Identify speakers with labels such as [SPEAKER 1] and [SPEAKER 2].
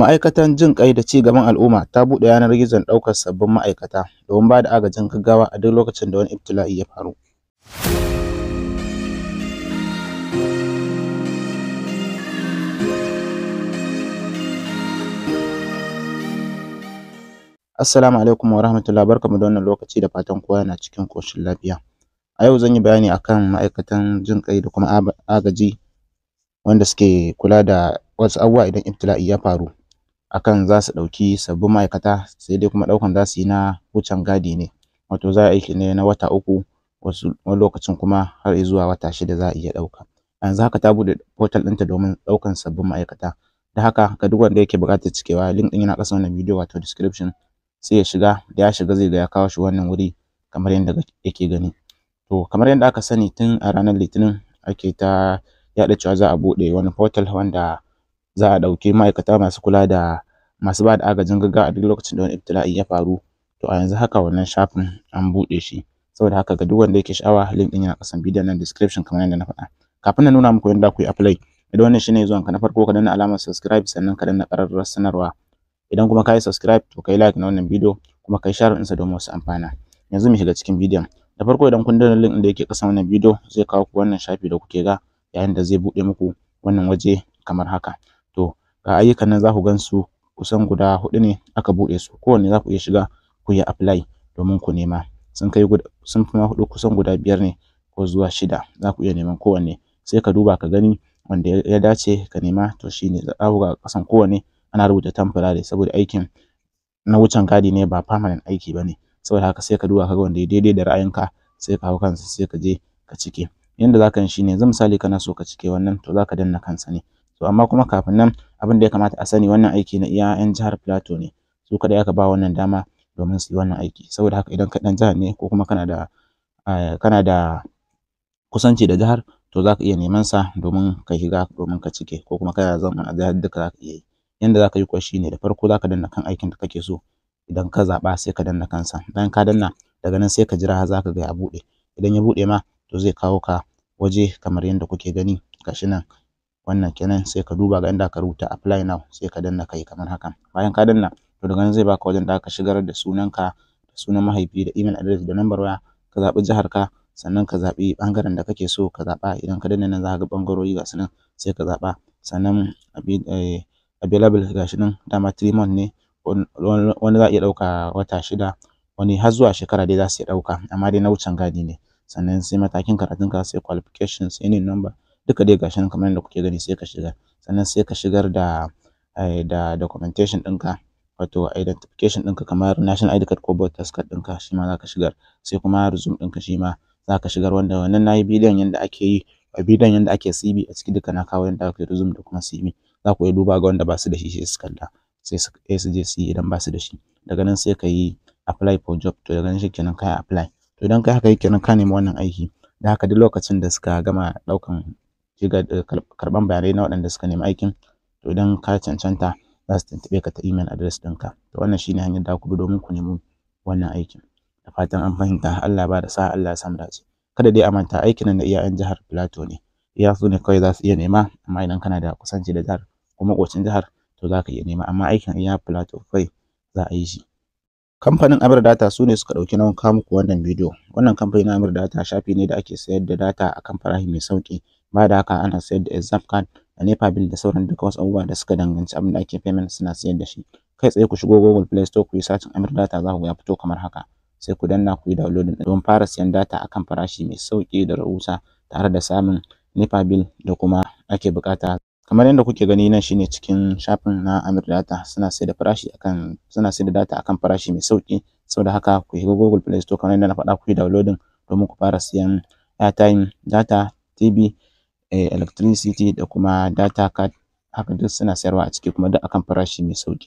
[SPEAKER 1] Ma'aikatan Jin ƙai da Ci-gaban Al'umma ta buɗe yanar gizon ɗaukar sabbin ma'aikata domin ba da agajin gaggawa a duk lokacin da wani ibtila'i ya faru. Assalamu alaikum wa rahmatullah barkamu da wannan lokaci da fatan kowa yana cikin koshin lafiya. A yau zan yi bayani akan ma'aikatan jin ƙai da kuma agaji wanda suke kula da wasu abubuwa idan ibtila'i ya faru. akan za su ɗauki sabbin ma'aikata sai dai kuma ɗaukan za su yi na wucin gadi ne wato za a aiki ne na wata uku wasu wani lokacin kuma har zuwa wata shida za a iya ɗauka yanzu haka ta buɗe portal ɗinta domin ɗaukan sabbin ma'aikata da haka ga duk wanda yake buƙatar cikewa link ɗin yana ƙasa wannan bidiyo wato description sai ya shiga da ya shiga zai ga ya kawo shi wannan wuri kamar yadda yake gani to kamar yadda aka sani tun a ranar litinin ake ta yaɗa cewa za a buɗe wani portal wanda za a ɗauki ma'aikata masu kula da masu ba da agajin gaggawa a duk lokacin da wani ibtila'i ya faru to a yanzu haka wannan shafin an buɗe shi saboda haka ga duk wanda yake sha'awa link ɗin yana ƙasan bidiyon nan description kamar yadda na faɗa kafin na nuna muku yadda ku yi apply idan wannan shine zuwan ka na farko ka danna alamar subscribe sannan ka danna ƙararrawar sanarwa idan kuma ka yi subscribe to ka yi like na wannan bidiyo kuma ka yi share ɗinsa domin wasu amfana yanzu mu shiga cikin bidiyon da farko idan kun danna link ɗin da yake ƙasan wannan bidiyo zai kawo ku wannan shafi da kuke ga yayin da zai buɗe muku wannan waje kamar haka ga ayyukan nan za ku gan su kusan guda hudu ne aka buɗe su kowanne za ku iya shiga ku yi apply domin ku nema sun kai sun fi hudu kusan guda biyar ne ko zuwa shida za ku iya neman kowanne sai ka duba ka gani wanda ya dace ka nema to shine za ku ga kasan kowanne ana rubuta temporary saboda aikin na wucin gadi ne ba permanent aiki bane saboda haka sai ka duba ka ga wanda ya daidai da ra'ayinka sai ka hau kansa sai ka je ka cike yanda za ka yi shine zan misali kana so ka cike wannan to za ka danna kansa ne to amma kuma kafin nan abin da ya kamata a sani wannan aiki na iya 'yan jihar Plateau ne su kaɗai aka ba wannan dama domin su yi wannan aiki saboda haka idan ka ɗan jihar ne ko kuma kana da kana da kusanci da jihar to za ka iya neman sa domin ka shiga domin ka cike ko kuma kana zama a jihar duka za ka iya yi yanda za ka yi kuwa ne da farko za ka danna kan aikin da kake so idan ka zaɓa sai ka danna kansa bayan ka danna daga nan sai ka jira za ka ga ya buɗe idan ya buɗe ma to zai kawo ka waje kamar yadda kuke gani gashi nan wannan kenan sai ka duba ga inda aka rubuta apply now sai ka danna kai kamar haka bayan ka danna to daga nan zai baka wajen da aka shigar da sunanka da sunan mahaifi da email address da number waya ka zaɓi jihar ka sannan ka zaɓi ɓangaren da kake so ka zaɓa idan ka danna nan za ka ga ɓangarori ga nan sai ka zaɓa sannan eh, available ga shi nan dama three month ne wani za a iya ɗauka wata shida wani har zuwa shekara dai za su iya ɗauka amma dai na wucin gadi ne sannan sai matakin karatunka sai qualification sai ne number duka dai gashi nan kamar yadda kuke gani sai ka shigar sannan sai ka shigar da eh, da documentation ɗinka wato identification ɗinka kamar national ID card ko voters card ɗinka shi ma za ka shigar sai kuma resume ɗinka shi ma za ka shigar wanda wannan na yi bidiyon yanda ake yi a bidiyon yanda ake CV a ciki duka na kawo yanda ake yi resume da kuma CV za ku iya duba ga wanda basu da shi sai su kalla sai su eh, su je su yi idan basu da shi daga nan sai ka yi apply for job to daga nan shikenan ka apply to idan kai haka kenan ka nemi wannan aiki da haka duk lokacin da suka gama ɗaukan shiga eh, karban bayanai na waɗanda suka nemi aikin to idan ka cancanta za su tuntuɓe ka ta email address ɗinka to wannan shine hanyar da ku bi domin ku nemi wannan aikin da fatan an fahimta Allah ba da sa Allah ya dace kada dai a manta aikin nan na iyayen jihar Plateau ne iya su ne kawai za su iya nema amma idan kana da kusanci da jihar ko makocin jihar to za ka iya nema amma aikin iya Plateau kai za a yi shi kamfanin Amir Data su ne suka ɗauki nauyin kawo muku wannan bidiyo wannan kamfanin Amir Data shafi ne da ake sayar da data a kan farashi mai sauki. Ba da haka ana sayar da Exam card a NEPA bill da sauran duka wasu abubuwa da suka danganci abinda ake payment suna sayar da shi. Kai tsaye ku shigo Google Play Store ku yi sacin Amir Data za ku ga ya fito kamar haka. Sai ku danna ku yi downloading don fara siyan data akan farashi mai sauƙi da rahusa tare da samun NEPA bill da kuma ake bukata Kamar yadda kuke gani nan shine cikin shafin na Amir Data suna sayar da farashi akan suna sayar da data akan farashi mai sauki saboda haka ku shigo Google Play Store kamar yadda na faɗa ku yi downloading domin ku fara siyan airtime, data, TV Eh, electricity da kuma data card haka duk suna sayarwa a ciki kuma duk akan farashi mai sauƙi.